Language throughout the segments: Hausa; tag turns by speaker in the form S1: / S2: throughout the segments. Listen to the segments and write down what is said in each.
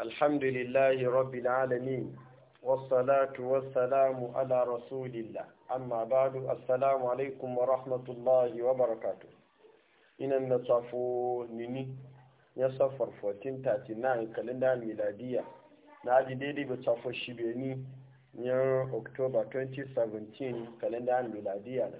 S1: alhamdulillahi rabbil alami wasalatu wasalamu ala rasulillah amma badu assalamu alaikum wa rahmatullahi wa barakatu ina na tafi nini ya safar 1439 kalenda miladiya na ajiye daidai ba tafi shi be ya oktoba 2017 kalenda miladiya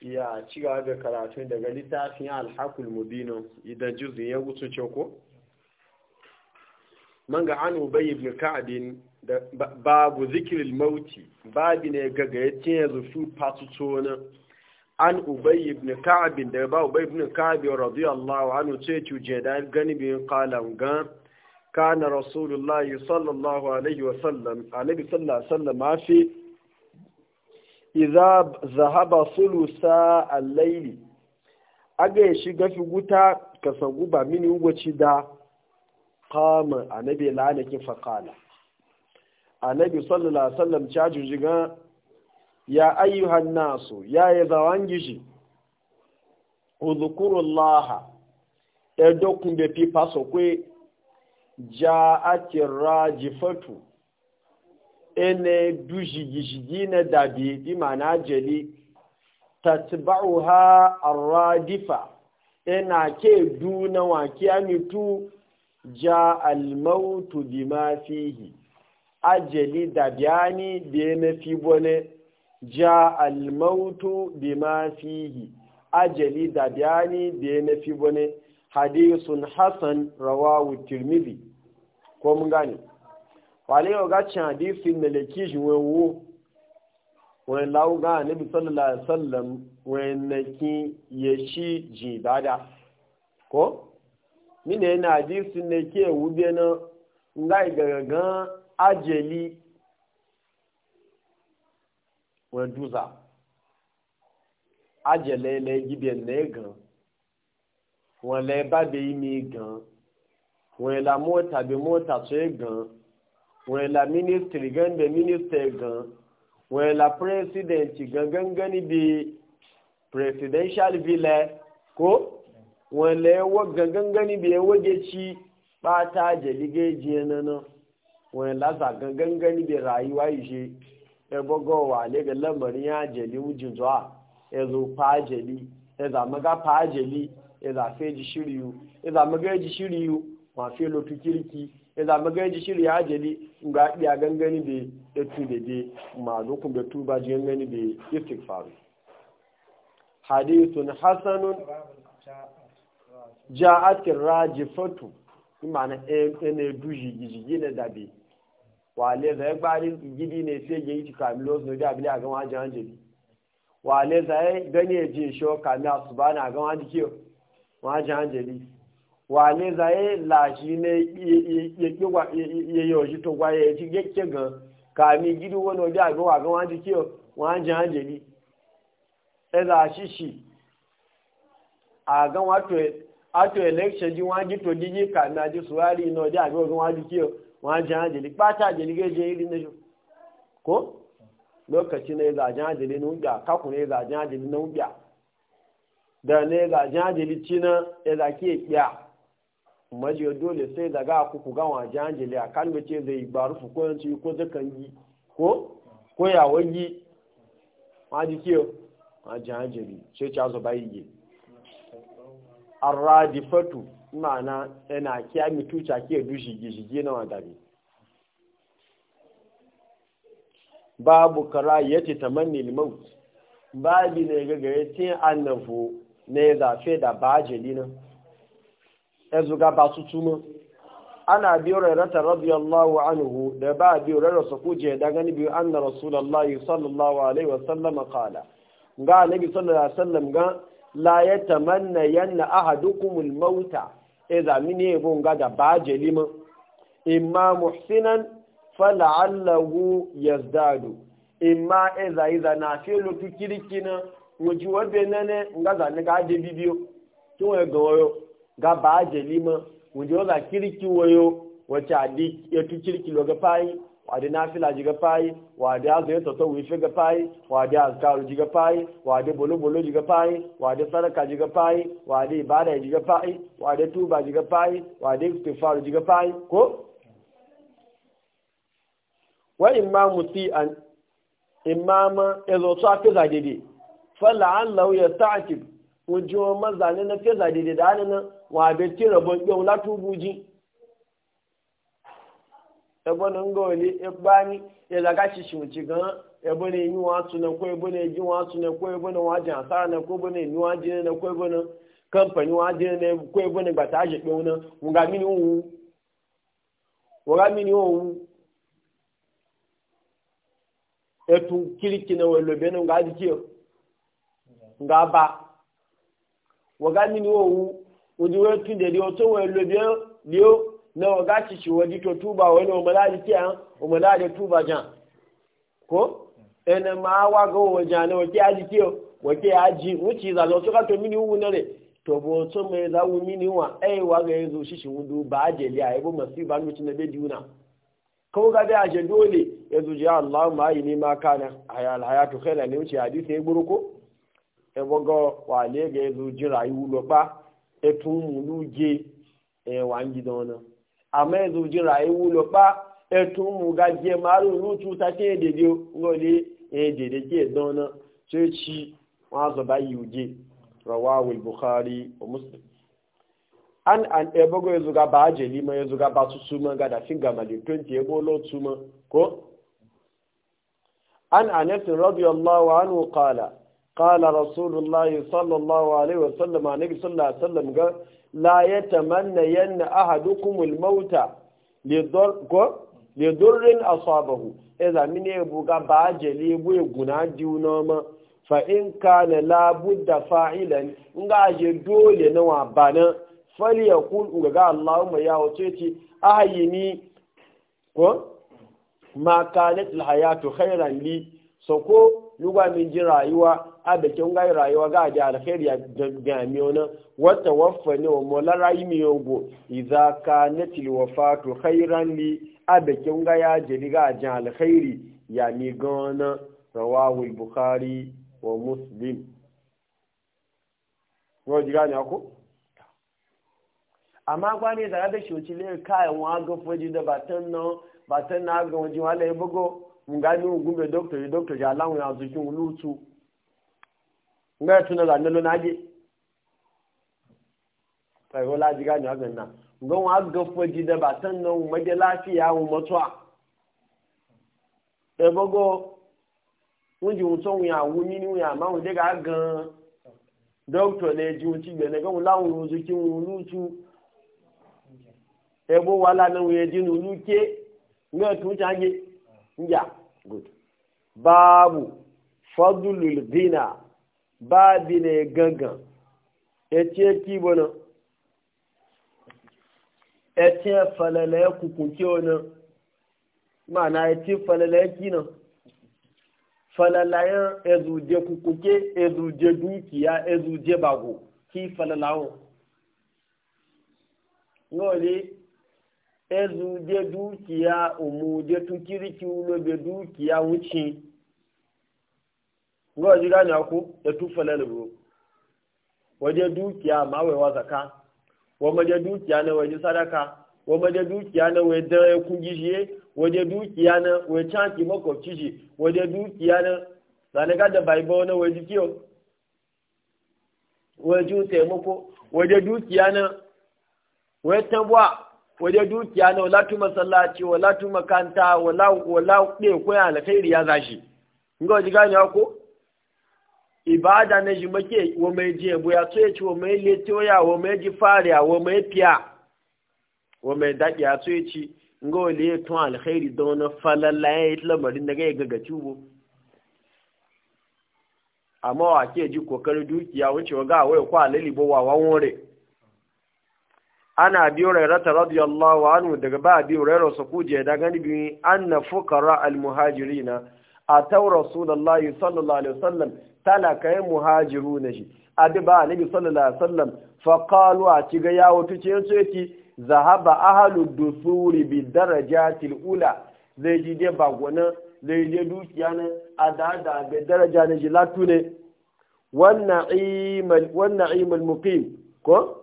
S1: ya ci gaba da karatu daga littafin alhakul mubinu idan jirgin ya wuce coko man ga an ubai ibn ka'ab da babu zikril mauti babu ne gaga yace yanzu su fatutona an ubai ibn ka'ab da ba ubai ibn ka'ab radiyallahu anhu ce cuje da gani bin qalan ga kana rasulullah sallallahu alaihi wa sallam annabi sallallahu alaihi wa sallam fi Iza zahaba sulusa al-layli aga ya shiga fi guta ka sagu ba mini ugwaci da kama annabi la'anakin faƙala annabi sallallahu alaihi wasallam caju jiga ya ayyuhan nasu ya yi zawan gishi udhkurullaha edo kunde pi paso kwe ja'ati rajifatu ene duji gishi na dabi bi mana jeli tatba'uha arradifa ena ke duna wa kiyamitu ja almautu bima fihi ajali da biyani biye na fi bone ja almautu bima fihi ajali da biyani biye na fi bone hadisun hassan rawawu tirmidhi ko mun gane wale o ga cin hadisin da lake shi wo wen lawu ga annabi sallallahu alaihi wasallam wani naki ya shi dada ko mine yana su ne ke wube na nga igagagan ajali waduza ajale le gibe ne gan wọn lẹ bá bẹ yí mi gan wọn la mọta bẹ mọta tó yẹ gan wọn la ministiri gan bẹ ministiri gan wọn la president gan gangan ni bi presidential villa ko. wanda ya waga gangani bai wage ci bata jalige na nan wani lasa gangani bai rayuwa yi shi e ya bagowa ne ga lamarin ya jeli wujin zuwa ya e zo fajeli ya e zama ga fajeli ya zafe ji shiriyu ya zama ga ji shiriyu fi lotu kirki ya zama ga ji shiri ya jeli ga iya gangani bai ya tube bai ma dokun da tuba ji gangani bai istikfaru hadithun hasanun ja'atir rajifatu imana ene duji gijigi ne dabe wale za ya e gbari gidi ne sai ya yi kamilo su da abin a gama ajiyar hanjeli wale za ya e gani ya e jin shi kami su bana a gama ajiyar hanjeli wale za ya lashi ne ya yi oji to gwaye ya ci yake gan kami gidi wani obi a gama gama ajiyar hanjeli ya za shi shi a gama to ato election ji wọn jí tó jíjí kàmí àti suwari iná ọjọ́ àbí ogun wọn jí kí o jẹ́ àjèlé pátá àjèlé kéje ìrìn náà ko lokaci na ya zajen àjèlé ní gbà kakùn ya zajen àjèlé ní gbà da na ya zajen àjèlé ci na ya zaki ya e kpiya majiya dole sai daga akuku ga wajen àjèlé a zai gbaru su ko ko ko yi àjèlé sai yi yi arradifatu ma'ana yana kiya mituca ke du shige-shige na wadari babu kara ya ce ta manni limau babu ne gagare tin annafo ne zafe da bajali nan ya zuga ba su tuma ana biyo rarrata radiyallahu anhu da ba biyu rarrasa kuje da gani biyu anna rasulallah sallallahu alaihi wasallama kala ga nabi sallallahu alaihi wasallam ga la ya tamanna yanna ahadukumul mauta e zamini ya bunga da baje liman imma muhsinan fala'allahu yazdadu imma e zai zana fi lutu kirkina wuji wabe nane nga ni ga ade bibiyo tun wa ga wayo ga baje liman wuji wa za kiriki wayo wacce di ya tu lo ga fayi wade nafila jiga pai wade azo yeto to wife ga payi wade azkaru jiga payi wade bolo bolo jiga payi wade sadaka jiga payi wade ibada jiga pai wade tuba jiga pai wade istighfar jiga pai ko wa imamu ti an imama ezo to ake zadede fala allahu yasta'tib ujo mazane na fe zadede da nan wa be tira bon yo la tubuji ebe na ngoli ebe anyị ịlagachichi wuci gan ebe na enyi wa atụ na kwa ebe na eji wa atụ na kwa ebe na wa ji asara na ebe na enyi wa ji na kwa ebe na kamfani wa ji na kwa ebe na gbata aji kpe na wuga mini owu wuga mini owu etu kiriki na welo bene nga adiki nga ba wuga mini owu udi wetu de di oto welo bene lio na waga ci ci waji to tuba wani umarari ke an umarari tuba jan ko ene ma wa go waja na wake aji ke wake aji wuci za lo suka to mini wu nare to bo so me za wu mini wa ai e wa ga yanzu e shi shi wudu ba ajeli ai e bo masiba nuci na be diuna ko ga da aje dole yanzu ji Allah ma yi ne ma kana hayal hayatu khaira ne wuce hadisi ya guru ko e bogo wa le ga yanzu ji rayu lo pa e tun mu luje e wa ngi dona àmọ́ ẹ̀dùn jìnrà ewu lọ pa ẹ̀tún mú ga jẹ márùn lótú tàkì èdèdè ńlọlé èdèdè kí ẹ̀dán náà tó ṣí wọn sọ báyìí òjé rawahul bukhari an an ebogo ya zuga ba ma ba da ebo ko an قال رسول الله صلى الله عليه وسلم عن النبي صلى الله عليه وسلم لا يتمنى ين أحدكم الموت لضر لضر أصابه إذا من يبقى بعجل يبقى يقنا ديونما فإن كان لابد فاعلا نغا يدول نوع بنا فليقول وقال اللهم يا وتيتي أهيني ما كانت الحياة خيرا لي سوكو لغا من جرائيوه a da kin gai rayuwa ga da alheri ya gamiyo na wata waffa ne wa mola rayi mi yogo idza kanatil wafatu khairan li a da kin ga ya jeli ga da alkhairi ya mi gona rawahu bukhari wa muslim wo diga ne ko amma gwani da da shoci ne kai wa ga foji da batan no batan na ga wajin wala bugo mun gani gumbe doctor doctor ya lawo ya zukin lutu nga tuna da nalo naje sai ko laji ga nyaga na nga wa ga foji da ba tan nan ma da lafiya mu mutuwa e bogo mun ji mutun ya wuni ni ya ma wunde ga gan doctor ne ji wuci gbe ne ga mun lawun ruzu ki mun lutu e bo wala na wuye ji nu luke nga tu chaje nja good babu fadlul ghina babi ne gangan etiye kibonan etiye falalaye kukunke wani mana etiye falalaye kinan falalayen ezuje kukunke ezuje dukiya ezuje bago ki falalawon yole ezuje dukiya umuje tukiriki ulobe dukiya wucin ruwa ji gane ku da tufa lalibro waje dukiya ma wai wa zaka wa maje dukiya na waje sadaka wa maje dukiya na waje dare kun gishiye waje dukiya na waje canki makwabci shi waje dukiya na zanaga da baiba wani waje kiyo waje taimako waje dukiya na waje tabuwa waje dukiya na wala tu masallaci wala tu makanta wala wala ɗaya koya alkhairi ya zashi. Nga waje gane ko? ibada na ji make wa mai ji yabo ya tsoye ci wa mai ya wa mai ji fariya wa mai fiya wa mai daɗi ya tsoye ci nga wale ya tun alkhairi don na falalla ya yi lamarin da ya gaga cubo amma wa ke ji kokarin dukiya wuce wa ga waya kwa lalibo wa re ana biyo rairata radiyallahu anhu daga ba biyo rairar su kuje da gani biyu an na fukara al-muhajirina a tau sallallahu alaihi wasallam tana ya muhajiru na shi abi ba annabi sallallahu alaihi wasallam fa qalu a ci ga yawo tuce ce ki zahaba ahlu dusuri bi darajatil ula zai ji dai ba gona zai je dukiya na adada da daraja na latu ne wannan imal muqim ko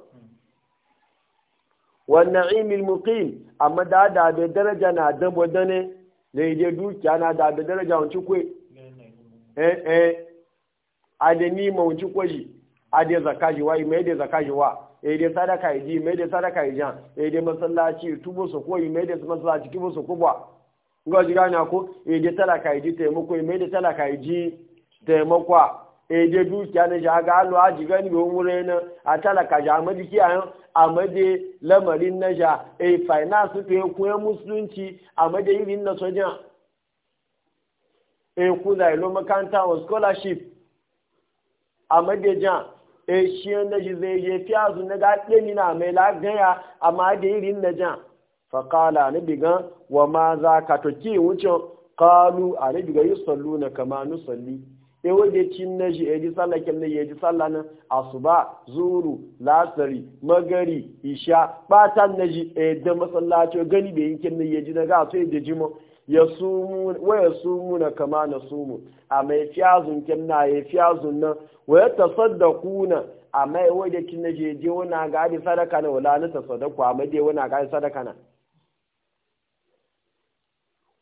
S1: wannan imil muqim amma da da da daraja na dabo da ne zai je dukiya na da da daraja wancin kwe eh eh adami mawuci kwaji ade zakaji wa mai da zakaji wa eh dai sadaka yi mai da sadaka yi e jan eh dai masallaci tubo su koyi mai da masallaci tubo su kubwa ga ji gane ko eh dai talaka yi e taimako mai da talaka yi taimako eh dai dukiya na ja ga alu aji gani go mure na a talaka ja amadi ki ayan amade lamarin na ja eh finance to e ku musulunci amade irin na sojan eh ku da ilo makanta on scholarship a madajan e eh, shi na shi zai je fiya su na ga ɗemi na mai lagaya amma da na jan faƙala na bigan wa ma za ka toke wucin kalu a na yi sallu na kama nu salli e eh, waje cin na shi ya ji sallah kyan na ji sallah nan asuba zuru lasari magari isha batan na shi e da masallaci gani bai yi kyan yi ji na ga so yi da jimo wa sumu na kama na sumu a mai fiyazun kim na ya fiyazun nan waya tasaddaku na a mai wadda kin na jeje wana ga adi sadaka na wala na tasaddaku a mai dai wana ga sadaka na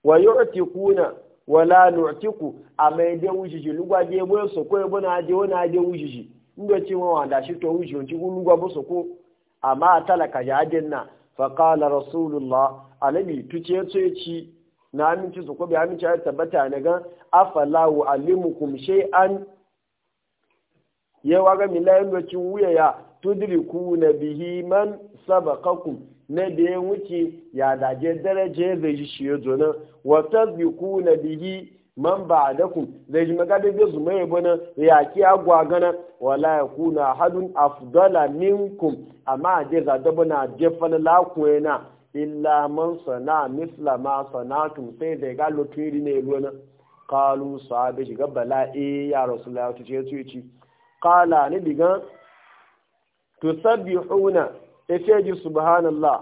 S1: wa yu'tiku na wala nu'tiku a mai dai wujiji lugwa je boye so ko yabo na dai wana dai wujiji inda ce wa wanda shi to wujiji ci lugwa bo so ko amma talaka jajin na faqala rasulullah alabi tuce ce ci na aminci su ko aminci ya tabbata ne ga afala wa alimukum an yawa ga milayen lokacin wuya ya ku na bihi man kakum na da ya wuce ya daje daraje zai ji shi yazo nan wa ku na bihi man ba'dakum zai ji magana zai zuma ya bana ya ki agwa gana wala yakuna hadun afdala minkum amma da za da bana jefan lakuwa illa man sana misla ma sanatu sai da ga lokiri ne ruwa kalu sahabe shiga bala'i ya rasulullahi tu ce tuci kala ni digan tusabbihuna ce ji subhanallah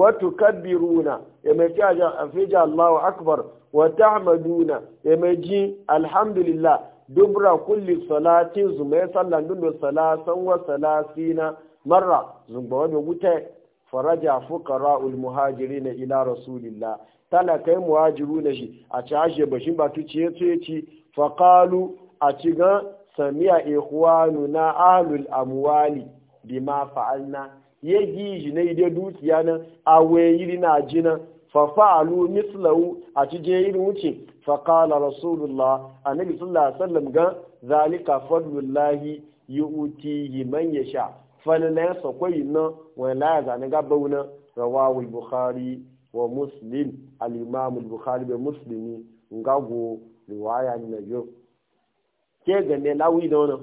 S1: wa tukabbiruna ya mai afija Allahu akbar wa hamaduna ya mai ji alhamdulillah dubra kulli salatin zumai sallan salatan wa salasina marra zumba wuta faraja fuqara ul na ila rasulillah tana kai muhajiru na shi a cashe bashin ba tu ciye ciye ci faqalu a ciga samiya ikhwanu na ahlul amwali bima fa'alna ye giji ne ide dukiya na awe yiri na jina fa fa'alu mislahu a cije irin wuce faqala rasulullah annabi sallallahu alaihi wasallam ga zalika fadlullahi Yi yi man sha. falalayen sakwai na wani laya zane gaba wuna rawawul bukhari wa muslim al'imamul bukhari bai muslimi ngago riwaya na yau ke gane lawi da wani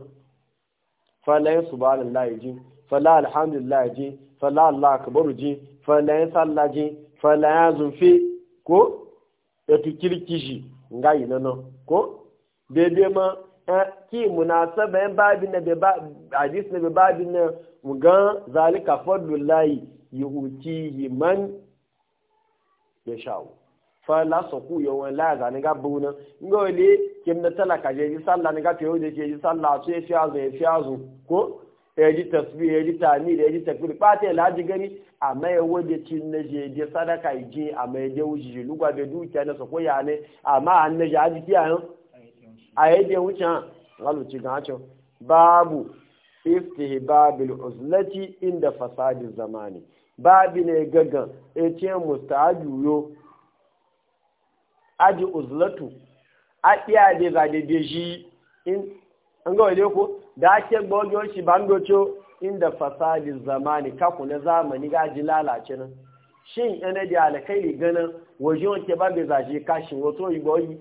S1: falayen subhanallah ji fala alhamdulillah ji fala allah akbar ji falayen sallah ji falayen zunfi ko ya tukirkishi ngayi na nan ko daidai ma Eh, ki munasaban babin na hadis na babin na gan zalika fadlullahi yu'tihi man yasha'u fa la soku yo won la ga ni ga buna ngole kim na talaka je ji sallah ni ga te o je ji sallah so e fiazu e fiazu ko e ji tasbih e ji tani e ji takbir pa te la ji gani amma e wode tin na je je sadaka ji amma e je uji lugwa be dukiya na soko ya ne amma an na ji aji kiyan a yadda wucin haluci ga hacin babu istihbabil uzlati inda fasadin zamani babu ne gaga etiyan musta'adu yo aji uzlatu a iya da zade da shi in ga wajen ko da ake gbogon shi ban doco inda fasadin zamani kaku na zamani gaji lalace nan shin yana da alakairi ganin wajen wanke babu zaje kashin wato yi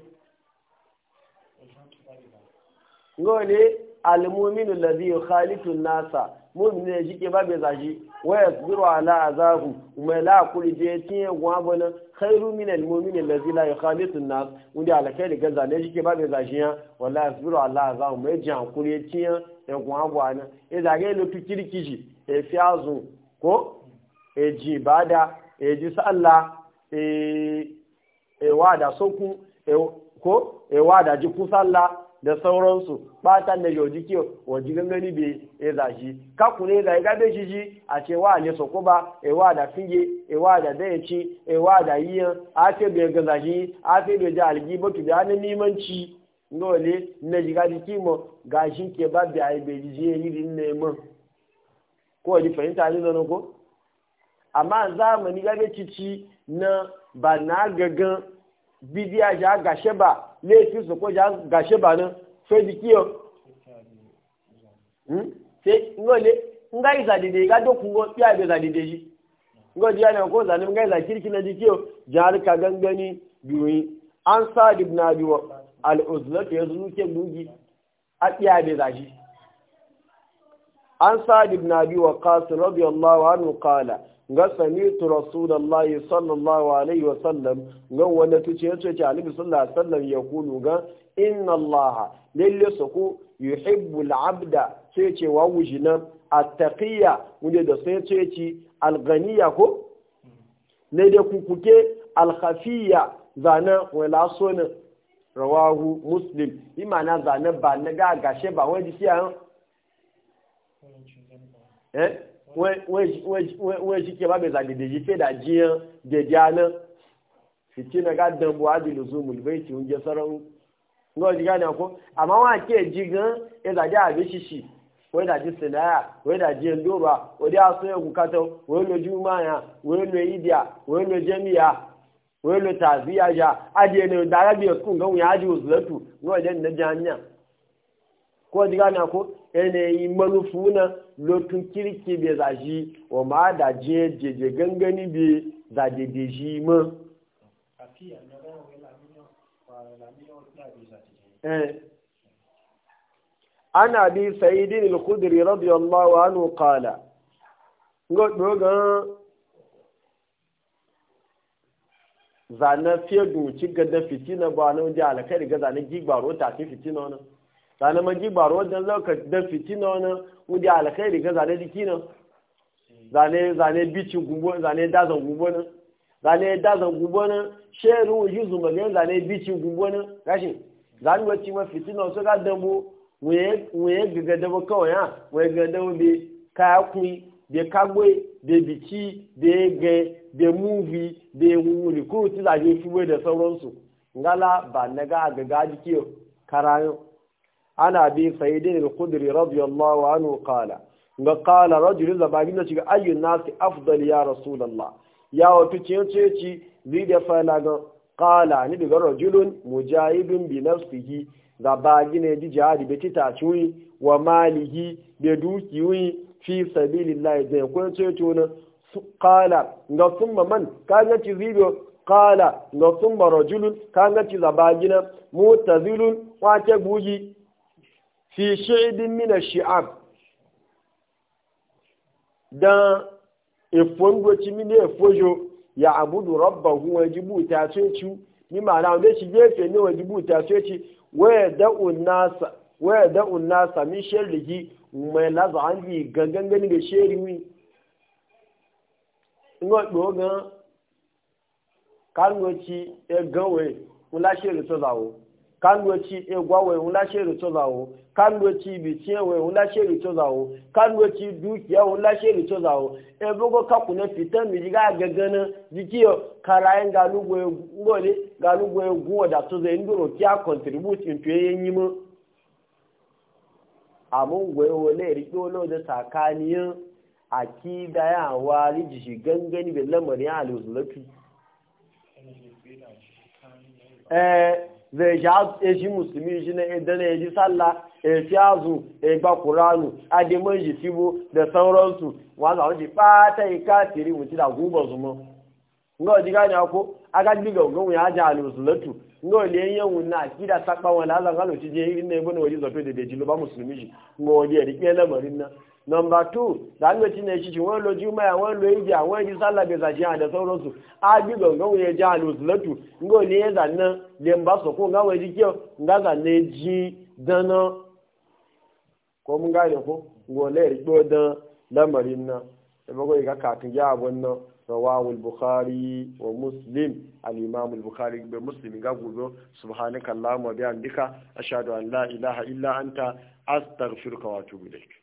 S1: ngole almuminu alladhi yukhalitu an-nasa mu'min ne jike ba bai zaji wa yasbiru ala azabu umma la kuli je tiye gwa bona khairu min almumin alladhi la yukhalitu an-nas undi ala kai ga zane jike ba bai zaji ya wala yasbiru ala azabu mai jan kuli tiye e gwa gwa na e zage lo tukirikiji e fiazu ko e ji bada e ji salla e e wada sokun e ko e wada ji kusalla da sauransu batan da yau jike waje gangani bai ya zashi kaku ne zai gabe shi ji a ce wa ne soko ba ewa da fiye ewa da dayaci ewa da a ce bai ga a ce bai ji algi ba tubi hannun nimanci dole na jiga jiki mu gashin ke ba bai ai bai ji ya ne neman ko ji fahimta ne zanen ko amma zamani gabe cici na ba na gagan bidiya ja gashe ba laifin su ko gashe ba nan sai jikiyo sai ngole nga iza dide ga do kungo ya be za dide ji ngo dia ne ko zalim nga iza kirki na jikiyo jar ka gangani biyoyi an sa ibn abi al uzla ke zunu ke a ya be za ji an sa'ad ibn abi waqas radiyallahu anu ƙala, ga sami'tu rasulullahi sallallahu alaihi wa sallam ga wanda tuce yace ce alibi sallallahu alaihi sallam ya kunu ga inna allaha lalle ku yuhibbu al-abda sai ce wa wujina a taqiya wunde da sai ce ce alganiya ko ne da kukuke alhafiya khafiya zana wala sunan rawahu muslim imana zana ba na ga gashe ba wani ciyan Eh? wọ́n ṣíkẹ́ bá bẹ̀rẹ̀ àgbèdè yìí kéda jíyàn jẹjẹ aná fìtínà ká dánbọ̀ ábìlù zoom lùbẹ́ ìtì oúnjẹ sọ́rọ̀ ń lọ́ọ̀ jíga ní ọkọ́ àmọ́ wọn àti ẹ̀jí gan ẹ̀dàjá àbí ṣíṣì wọ́n dàjí sinaya wọ́n dàjí ndóra òde aṣọ ẹ̀kú kátó wọ́n lo jumaya wọ́n lo idia wọ́n lo jẹ́míya wọ́n lo tàbíyàjà adìẹ ní ọ̀dà arábìyẹ skul gan wọ́n yà á di òṣùlẹ̀tù lọ́ọ̀ jẹ́ ní yi manufuna lotun kirki bai zaji wa ma da jeje gangani bai zaje da shi ma ana bi eh. sa'idin al-khudri radiyallahu anhu qala godo ga zana fiye ci gada fitina ba na wajen alakari ga zane gigbaro ta fi fitina wani sani man baro wajen lokacin da fitina wani wuje alkhairi ga zane jiki nan zane bicin gubo zane dazan gubo nan zane dazan gubo nan sherin wuji zuma ga zane bicin gubo nan gashi zane wacce ma fitina wasu ga dambo wuye gaga dabo kawai ya wuye gaga dabo be kaya kuri be kagwe be bici be ga be muvi be wuri kuru ti zane bai da sauransu ngala ba na ga gaga jiki karayo an abi sayidin al-kudiri radiyallahu anhu kala nga kala rajulun da bagin da shiga ayyun nasi afdal ya rasulallah ya wato cince ci bi da fala ga kala ni daga rajulun mujahidun bi nafsihi da bagin ne ji jihadi bi tita cuyi wa malihi bi duki wi fi sabilillah da ya kwance to na kala nga summa man ka ga ci zibo kala nga summa rajulun ka ga ci labagina mutazilun wa ke buji fi shaidin mina shi'ab don efon goci mini efojo ya abudu rabbahu wa jibuta sai ci ni ma'ana wanda shi gefe ne wa jibuta sai ci waya da'un nasa min sharrihi mai laza an yi gangan gani ga sherin wi ina ɗogon kan goci ya e gawe mula sherin su zawo kandoci egwa wai hula sheri to zawo kandoci bitiye wai hula sheri to zawo kandoci dukiya hula sheri to zawo e bugo kaku ne fitan mi diga gagana dikiyo karayen galugo ngole galugo egwo da to a nduro ntụ gwe wole rikyo lo da sakaniyan akida ya wari jishi gangani da zai ja eji musulmi ji na idan e ya e ji sallah ya e fi azu ya gba kuranu adiman ji tibo da sauransu wanda wajen bata yi katiri mutu da guba zuma nga wajen gani ako aka diga gungun ya ja alusulatu nga wajen yawon na kida sakpa wani azan kalu ci je na ibi na wajen zafi da da jilo ba musulmi ji nga wajen ya lamarin na number two da an gbeci ne shi shi wọn lo juma ya wọn lo india wọn yi sala bai zaji a da sauransu a bi gangan wuye ji a lusulatu ngo ne ya zanna le ba so ko nga wai ji kyau nga zanna ji dana ko mun ga ko ngo le ri do dan lamarin na e ba ko ga ka tin ya abun na rawahu al wa muslim al-imam al-bukhari bi muslim ga gudo subhanaka allahumma bi andika ashhadu an la ilaha illa anta astaghfiruka wa atubu